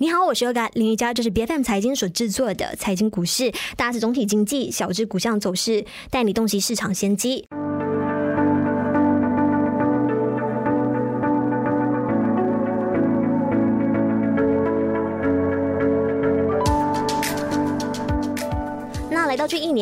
你好，我是 Yoga 林玉佳，這是 BFM 財經所製作的財經股市，大至總體經濟，小至股項走勢，帶你洞悉市場先機。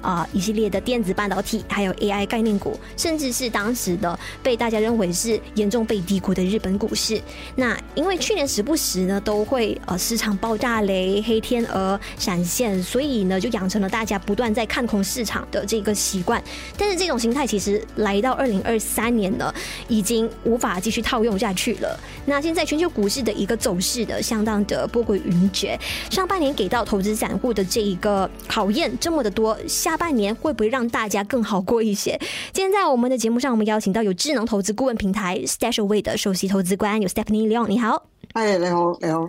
啊、呃，一系列的電子半導體，還有 AI 概念股，甚至是當時的被大家認為是嚴重被低估的日本股市。那因為去年時不時呢都會，呃，市場爆炸雷、黑天鵝閃現，所以呢就養成了大家不斷在看空市場的這個習慣。但是這種心態其實來到二零二三年呢，已經無法繼續套用下去了。那現在全球股市的一個走勢的相當的波詭雲譎，上半年給到投資散戶的這一個考驗，這麼的多。下半年會不會讓大家更好過一些？今天在我們的節目上，我們邀請到有智能投資顧問平台 StashAway 的首席投資官有 Stephanie Leon 你好。嗨，你好，你好。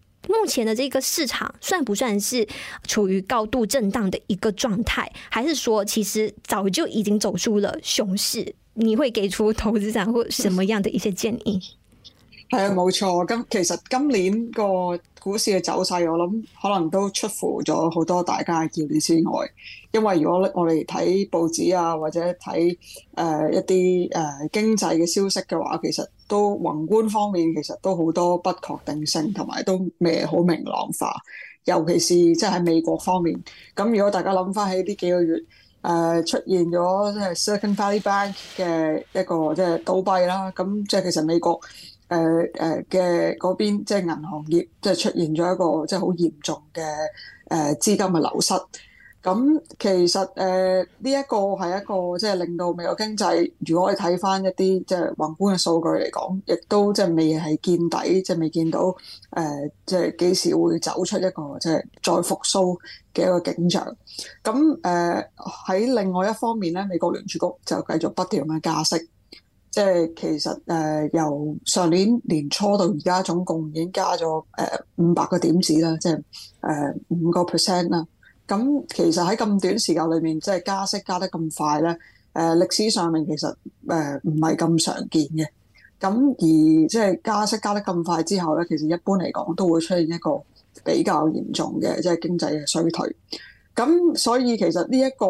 目前嘅這個市場算不算是處於高度震蕩的一個狀態，還是說其實早就已經走出了熊市？你會給出投資者或什麼樣的一些建議？係啊、 嗯，冇錯。咁其實今年個股市嘅走勢，我諗可能都出乎咗好多大家嘅意料之外。因為如果我哋睇報紙啊，或者睇誒一啲誒經濟嘅消息嘅話，其實。都宏觀方面其實都好多不確定性，同埋都未好明朗化，尤其是即喺美國方面。咁如果大家諗翻起呢幾個月，誒、呃、出現咗即係 Silicon Valley Bank 嘅一個即係倒閉啦。咁即係其實美國誒誒嘅嗰邊即係銀行業，即、就、係、是、出現咗一個即係好嚴重嘅誒、呃、資金嘅流失。咁其實誒呢一個係一個即係令到美國經濟，如果可以睇翻一啲即係宏觀嘅數據嚟講，亦都即係未係見底，即係未見到誒即係幾時會走出一個即係再復甦嘅一個景象。咁誒喺另外一方面咧，美國聯儲局就繼續不斷咁加息，即係其實誒由上年年初到而家總共已經加咗誒五百個點子啦，即係誒五個 percent 啦。咁其實喺咁短時間裏面，即係加息加得咁快咧，誒歷史上面其實誒唔係咁常見嘅。咁而即係加息加得咁快之後咧，其實一般嚟講都會出現一個比較嚴重嘅即係經濟嘅衰退。咁所以其實呢一個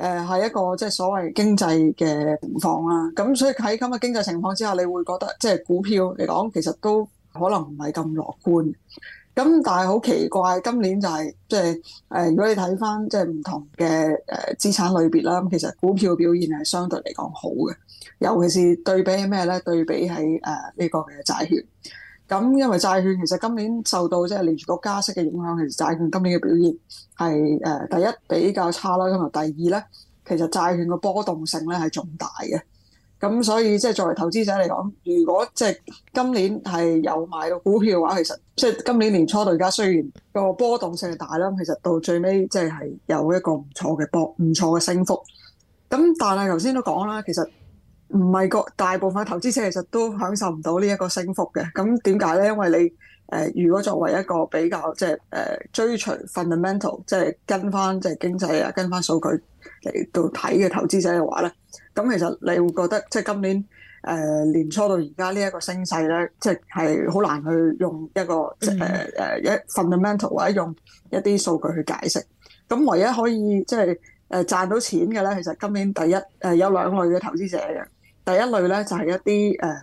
誒係一個即係所謂經濟嘅情況啦。咁所以喺咁嘅經濟情況之下，你會覺得即係股票嚟講，其實都，可能唔係咁樂觀，咁但係好奇怪，今年就係、是、即係誒，如果你睇翻即係唔同嘅誒資產類別啦，咁其實股票表現係相對嚟講好嘅，尤其是對比咩咧？對比喺誒呢個嘅債券，咁因為債券其實今年受到即係連住個加息嘅影響，其實債券今年嘅表現係誒第一比較差啦，同埋第二咧，其實債券嘅波動性咧係重大嘅。咁所以即係作為投資者嚟講，如果即係今年係有買到股票嘅話，其實即係今年年初到而家雖然個波動性係大啦，其實到最尾即係係有一個唔錯嘅波、唔錯嘅升幅。咁但係頭先都講啦，其實。唔係個大部分投資者其實都享受唔到呢一個升幅嘅，咁點解咧？因為你誒、呃、如果作為一個比較即係誒追隨 fundamental，即係跟翻即係經濟啊，跟翻數據嚟到睇嘅投資者嘅話咧，咁其實你會覺得即係今年誒、呃、年初到而家呢一個升勢咧，即係係好難去用一個即係誒、呃、一 fundamental 或者用一啲數據去解釋。咁唯一可以即係誒賺到錢嘅咧，其實今年第一誒、呃、有兩類嘅投資者嘅。第一類咧就係一啲誒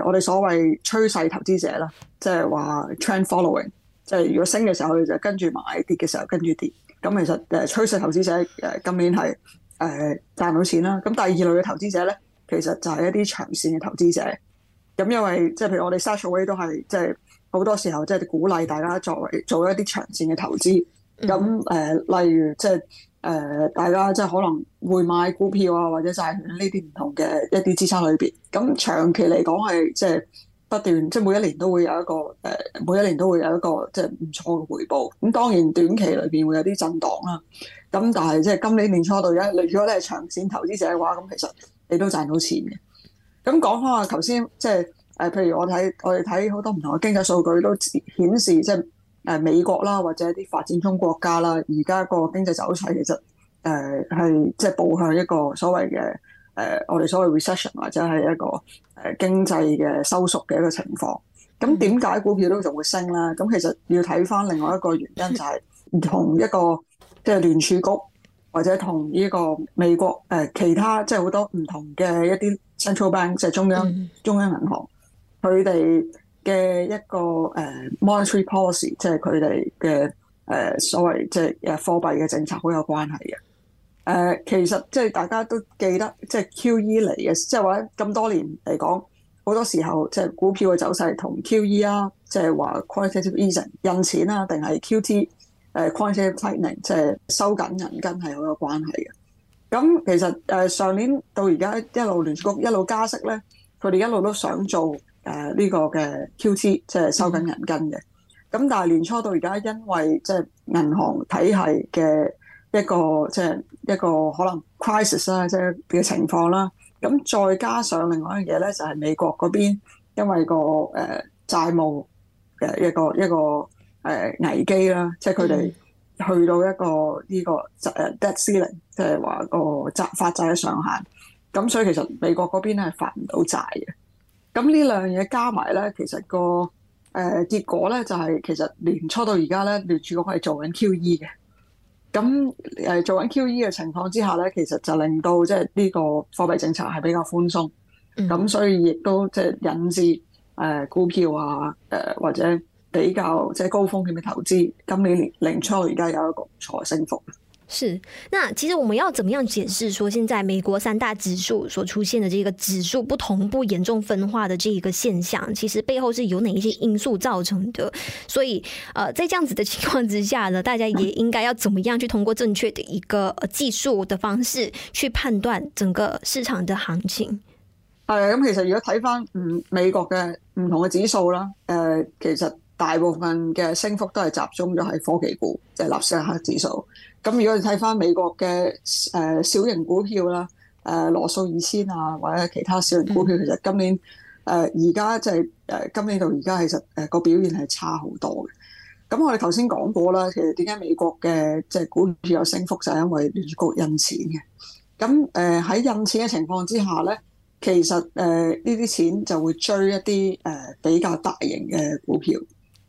誒，我哋所謂趨勢投資者啦，即係話 trend following，即係如果升嘅時候佢就跟住買，跌嘅時候跟住跌。咁其實誒趨勢投資者誒今年係誒賺到錢啦。咁第二類嘅投資者咧，其實就係一啲長線嘅投資者。咁因為即係譬如我哋 s a t c h way 都係即係好多時候即係鼓勵大家作為做一啲長線嘅投資。咁誒、呃，例如即係。誒、呃，大家即係可能會買股票啊，或者債券呢啲唔同嘅一啲資產裏邊。咁長期嚟講係即係不斷，即、就、係、是、每一年都會有一個誒、呃，每一年都會有一個即係唔錯嘅回報。咁當然短期裏邊會有啲震盪啦、啊。咁但係即係今年年初到而家，你如果你係長線投資者嘅話，咁其實你都賺到錢嘅。咁講開啊，頭先即係誒，譬如我睇我哋睇好多唔同嘅經濟數據都顯示即係。誒美國啦，或者一啲發展中國家啦，而家個經濟走勢其實誒係即係步向一個所謂嘅誒、呃、我哋所謂 recession 或者係一個誒經濟嘅收縮嘅一個情況。咁點解股票都仲會升呢？咁其實要睇返另外一個原因就係唔同一個即係、就是、聯儲局或者同呢個美國誒、呃、其他即係好多唔同嘅一啲 central bank 即係中央中央銀行佢哋嘅一個誒 monetary policy，即係佢哋嘅誒所謂即係貨幣嘅政策，好有關係嘅。誒其實即係大家都記得，即係 QE 嚟嘅，即係話咁多年嚟講，好多時候即係股票嘅走勢同 QE 啊，即係話 quantitative easing 印錢啊，定係 QT 誒 quantitative tightening 即係收緊銀根係好有關係嘅。咁其實誒上年到而家一路聯儲局一路加息咧，佢哋一路都想做。誒呢個嘅 QT 即係收緊銀根嘅，咁但係年初到而家，因為即係銀行體系嘅一個即係一個可能 crisis 啦，即係嘅情況啦，咁再加上另外一樣嘢咧，就係美國嗰邊因為個誒債務嘅一個一個誒危機啦，即係佢哋去到一個呢個誒 debt ceiling，即係話個債發債嘅上限，咁所以其實美國嗰邊咧係發唔到債嘅。咁呢兩樣嘢加埋咧，其實個誒、呃、結果咧就係、是，其實年初到而家咧，聯儲局係做緊 QE 嘅。咁誒做緊 QE 嘅情況之下咧，其實就令到即係呢個貨幣政策係比較寬鬆。咁、嗯、所以亦都即係引致誒股票啊，誒或者比較即係高風險嘅投資，今年年年初到而家有一個財升幅。是，那其實我們要怎麼樣解釋說，現在美國三大指數所出現的這個指數不同步、嚴重分化的這一個現象，其實背後是由哪一些因素造成的？所以，呃，在這樣子的情況之下呢，大家也應該要怎麼樣去通過正確的一個技術的方式去判斷整個市場的行情？係啊咁、嗯，其實如果睇返唔美國嘅唔同嘅指數啦，誒、呃，其實。大部分嘅升幅都係集中咗喺科技股，即、就、係、是、納斯達克指數。咁如果你睇翻美國嘅誒、呃、小型股票啦，誒、呃、羅素二千啊，或者其他小型股票，嗯、其實今年誒而家即係誒今年到，而家，其實誒個表現係差好多嘅。咁我哋頭先講過啦，其實點解美國嘅即係股票有升幅，就係因為聯儲局印錢嘅。咁誒喺印錢嘅情況之下咧，其實誒呢啲錢就會追一啲誒、呃、比較大型嘅股票。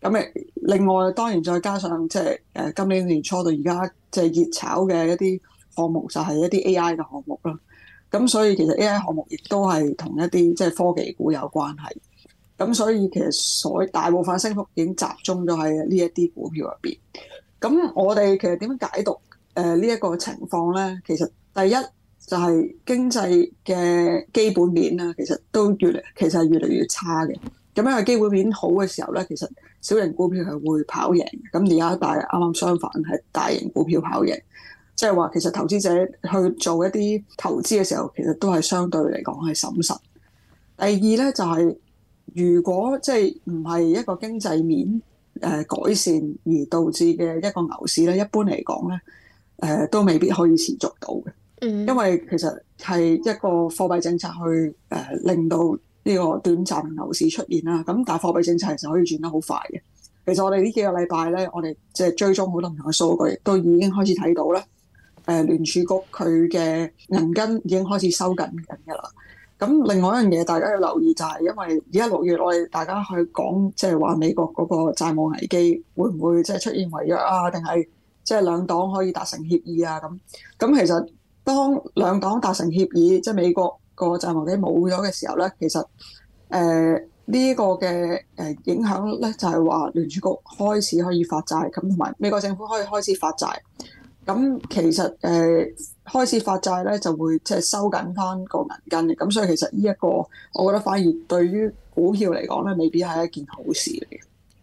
咁誒，另外當然再加上即係誒今年年初到而家即係熱炒嘅一啲項目，就係一啲 AI 嘅項目啦。咁所以其實 AI 項目亦都係同一啲即係科技股有關係。咁所以其實所大部分升幅已經集中咗喺呢一啲股票入邊。咁我哋其實點解讀誒呢一個情況咧？其實第一就係、是、經濟嘅基本面啦，其實都越嚟其實係越嚟越差嘅。咁樣嘅機會面好嘅時候咧，其實小型股票係會跑贏。咁而家大啱啱相反，係大型股票跑贏，即係話其實投資者去做一啲投資嘅時候，其實都係相對嚟講係審慎。第二咧就係、是、如果即係唔係一個經濟面誒改善而導致嘅一個牛市咧，一般嚟講咧誒都未必可以持續到嘅。嗯，因為其實係一個貨幣政策去誒、呃、令到，呢個短暫牛市出現啦，咁但係貨幣政策其實可以轉得好快嘅。其實我哋呢幾個禮拜咧，我哋即係追蹤好多唔同嘅數據，都已經開始睇到咧。誒、呃、聯儲局佢嘅銀根已經開始收緊緊嘅啦。咁另外一樣嘢大家要留意就係、是，因為而家六月我哋大家去講，即係話美國嗰個債務危機會唔會即係出現違約啊？定係即係兩黨可以達成協議啊？咁咁其實當兩黨達成協議，即、就、係、是、美國。個債務底冇咗嘅時候咧，其實誒呢、呃這個嘅誒影響咧，就係、是、話聯儲局開始可以發債，咁同埋美國政府可以開始發債。咁其實誒、呃、開始發債咧，就會即係收緊翻個銀根嘅。咁所以其實呢、這、一個，我覺得反而對於股票嚟講咧，未必係一件好事嚟嘅。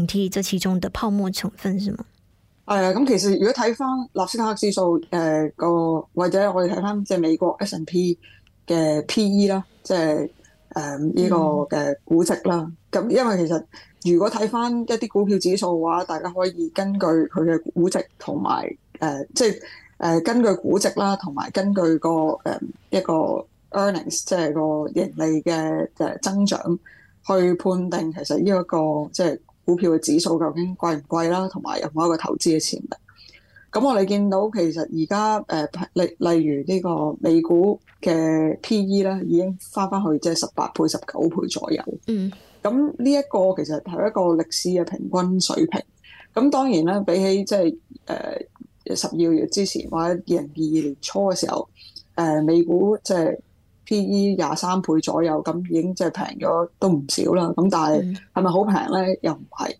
警惕這其中的泡沫成分是嗎？誒、哎，咁、嗯、其實如果睇翻納斯達克指數，誒、呃、個或者我哋睇翻即係美國 S&P 嘅 PE 啦，即係誒呢個嘅估值啦。咁因為其實如果睇翻一啲股票指數嘅話，大家可以根據佢嘅估值同埋誒即係誒、呃、根據估值啦，同埋根據個誒一個，個 earnings 即係個盈利嘅誒增長去判定其實呢、這、一個即係股票嘅指數究竟貴唔貴啦，同埋有冇一個投資嘅潛力？咁我哋見到其實而家誒例例如呢個美股嘅 PE 咧已經返返去即係十八倍、十九倍左右。嗯。咁呢一個其實係一個歷史嘅平均水平。咁當然咧，比起即係誒十二月之前或者二零二二年初嘅時候，誒、呃、美股即、就、係、是。P/E 廿三倍左右，咁已經即係平咗都唔少啦。咁但係係咪好平咧？又唔係。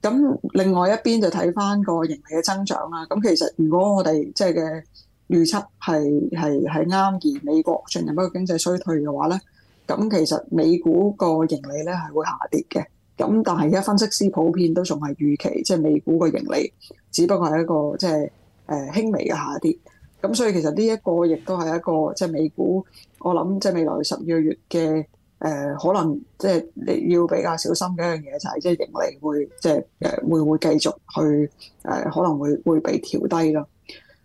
咁另外一邊就睇翻個盈利嘅增長啦。咁其實如果我哋即係嘅預測係係係啱，而美國進入一個經濟衰退嘅話咧，咁其實美股個盈利咧係會下跌嘅。咁但係而家分析師普遍都仲係預期，即係美股個盈利只不過係一個即係誒輕微嘅下跌。咁所以其實呢一個亦都係一個即係美股，我諗即係未來十二個月嘅誒、呃，可能即係你要比較小心嘅一樣嘢就係即係盈利會即係誒會唔會繼續去誒、呃、可能會會被調低咯。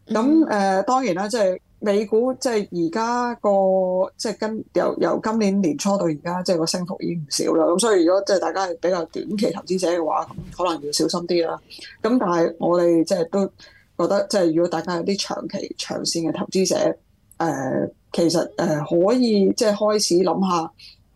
咁誒、呃、當然啦，即係美股即係而家個即係跟由由今年年初到而家，即係個升幅已經唔少啦。咁所以如果即係大家係比較短期投資者嘅話，可能要小心啲啦。咁但係我哋即係都，覺得即係如果大家有啲長期長線嘅投資者，誒、呃、其實誒、呃、可以即係開始諗下，誒、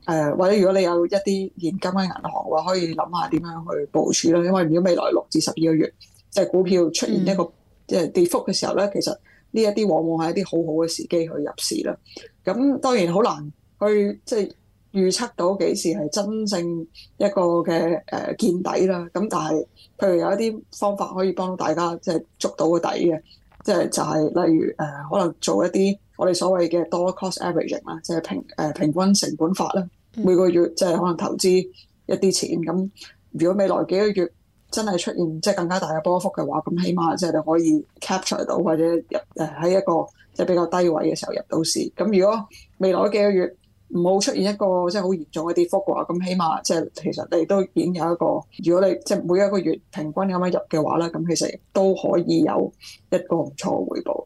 呃、或者如果你有一啲現金喺銀行嘅話，可以諗下點樣去部署啦。因為如果未來六至十二個月，即、就、係、是、股票出現一個即係跌幅嘅時候咧，其實呢一啲往往係一啲好好嘅時機去入市啦。咁當然好難去即係。就是預測到幾時係真正一個嘅誒見底啦。咁但係，譬如有一啲方法可以幫大家即係捉到個底嘅，即係就係、是、例如誒、呃，可能做一啲我哋所謂嘅 dollar cost averaging 啦，即係平誒平均成本法啦。每個月即係可能投資一啲錢咁。如果未來幾個月真係出現即係更加大嘅波幅嘅話，咁起碼即係你可以 capture 到或者入誒喺一個即係比較低位嘅時候入到市。咁如果未來幾個月，唔好出現一個即係好嚴重嘅跌幅嘅話，咁起碼即係其實你都已經有一個，如果你即係每一個月平均咁樣入嘅話咧，咁其實都可以有一個唔錯嘅回報。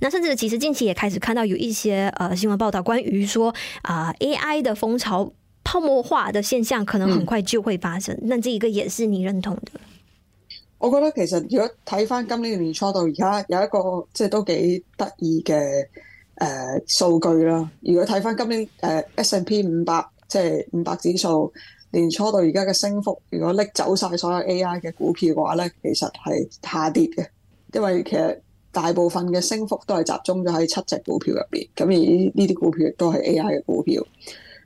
那甚至其實近期也開始看到有一些誒、呃、新聞報道，關於說啊 AI 的風潮泡沫化的現象可能很快就會發生，那、嗯、這一個也是你認同的？我覺得其實如果睇翻今年年初到而家有一個即係都幾得意嘅誒數據啦。如果睇翻今年誒、呃、S&P 五百即係五百指數年初到而家嘅升幅，如果拎走晒所有 AI 嘅股票嘅話咧，其實係下跌嘅，因為其實。大部分嘅升幅都係集中咗喺七隻股票入邊，咁而呢啲股票亦都係 A I 嘅股票。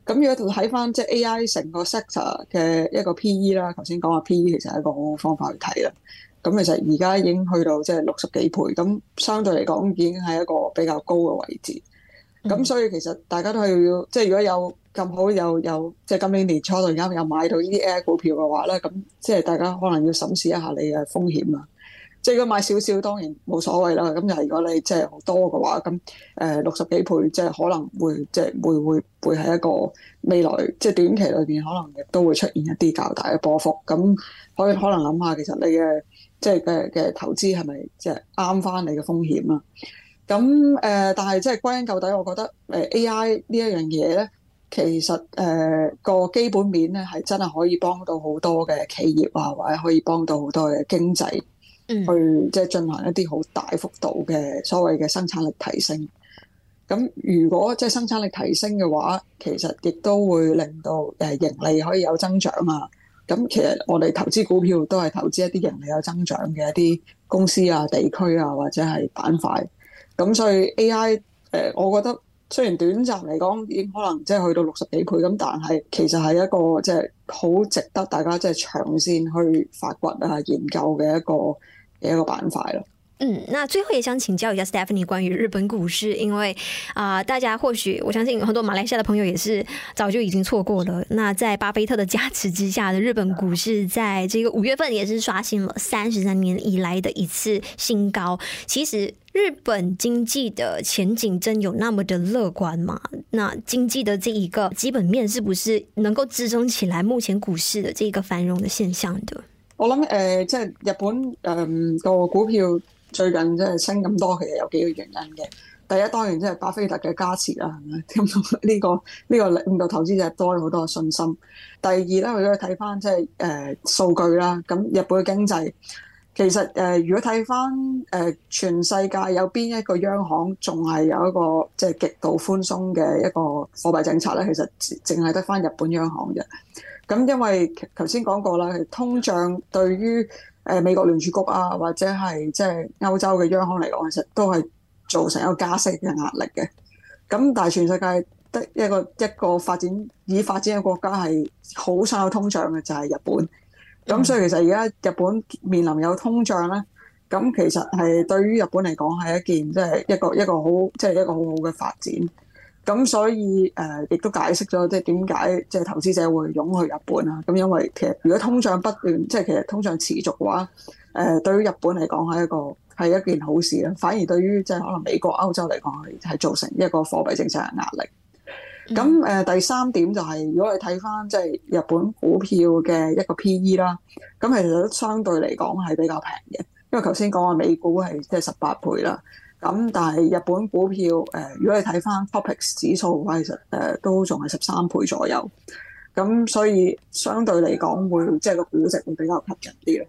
咁如果睇翻即係 A I 成個 sector 嘅一個 P E 啦，頭先講話 P E 其實係一個好好方法去睇啦。咁其實而家已經去到即係六十幾倍，咁相對嚟講已經係一個比較高嘅位置。咁、嗯、所以其實大家都係要，即係如果有咁好又有，有即係今年年初到而家有買到呢啲 A I 股票嘅話咧，咁即係大家可能要審視一下你嘅風險啊。即係如果買少少，當然冇所謂啦。咁就係如果你即係好多嘅話，咁誒六十幾倍，即係可能會即係、就是、會會會係一個未來即係、就是、短期裏邊，可能亦都會出現一啲較大嘅波幅。咁可以可能諗下，其實你嘅即係嘅嘅投資係咪即係啱翻你嘅風險啊？咁、呃、誒，但係即係歸根究底，我覺得誒 A I 呢一樣嘢咧，其實誒個基本面咧係真係可以幫到好多嘅企業啊，或者可以幫到好多嘅經濟、啊。嗯、去即係進行一啲好大幅度嘅所謂嘅生產力提升，咁如果即係生產力提升嘅話，其實亦都會令到誒盈利可以有增長啊！咁其實我哋投資股票都係投資一啲盈利有增長嘅一啲公司啊、地區啊或者係板塊，咁所以 AI 誒，我覺得。雖然短暫嚟講已經可能即係去到六十幾倍噉，但係其實係一個即係好值得大家即係長線去發掘啊、研究嘅一個嘅一個板塊咯。嗯，那最後也想請教一下 Stephanie 關於日本股市，因為啊、呃，大家或許我相信很多馬來西亞的朋友也是早就已經錯過了。那在巴菲特的加持之下的日本股市，在這個五月份也是刷新了三十三年以來的一次新高。其實日本經濟的前景真有那麼的樂觀嗎？那經濟的這一個基本面是不是能夠支撐起來目前股市的這一個繁榮的現象的？我諗誒，即、呃、係日本誒個、呃、股票。最近即係升咁多，其實有幾個原因嘅。第一當然即係巴菲特嘅加持啦，係咪？咁 呢、呢個呢、呢個令到、呢個、投資者多咗好多信心。第二咧，我哋睇翻即係誒數據啦。咁日本嘅經濟其實誒，如果睇翻誒全世界有邊一個央行仲係有一個即係極度寬鬆嘅一個貨幣政策咧，其實淨係得翻日本央行嘅。咁因為頭先講過啦，通脹對於誒美國聯儲局啊，或者係即係歐洲嘅央行嚟講，其實都係造成一個加息嘅壓力嘅。咁但係全世界一個一個發展已發展嘅國家係好想有通脹嘅，就係、是、日本。咁所以其實而家日本面臨有通脹咧，咁其實係對於日本嚟講係一件即係、就是、一個一個好即係一個好好嘅發展。咁所以誒，亦都解釋咗即係點解即係投資者會湧去日本啊。咁因為其實如果通脹不斷，即係其實通脹持續嘅話，誒對於日本嚟講係一個係一件好事啦。反而對於即係可能美國、歐洲嚟講係係造成一個貨幣政策嘅壓力。咁誒第三點就係、是，如果你睇翻即係日本股票嘅一個 P/E 啦，咁其實都相對嚟講係比較平嘅，因為頭先講話美股係即係十八倍啦。咁但係日本股票，誒、呃，如果你睇翻 Topix 指數嘅話，其實誒都仲係十三倍左右，咁所以相對嚟講會即係個估值會比較吸引啲咯。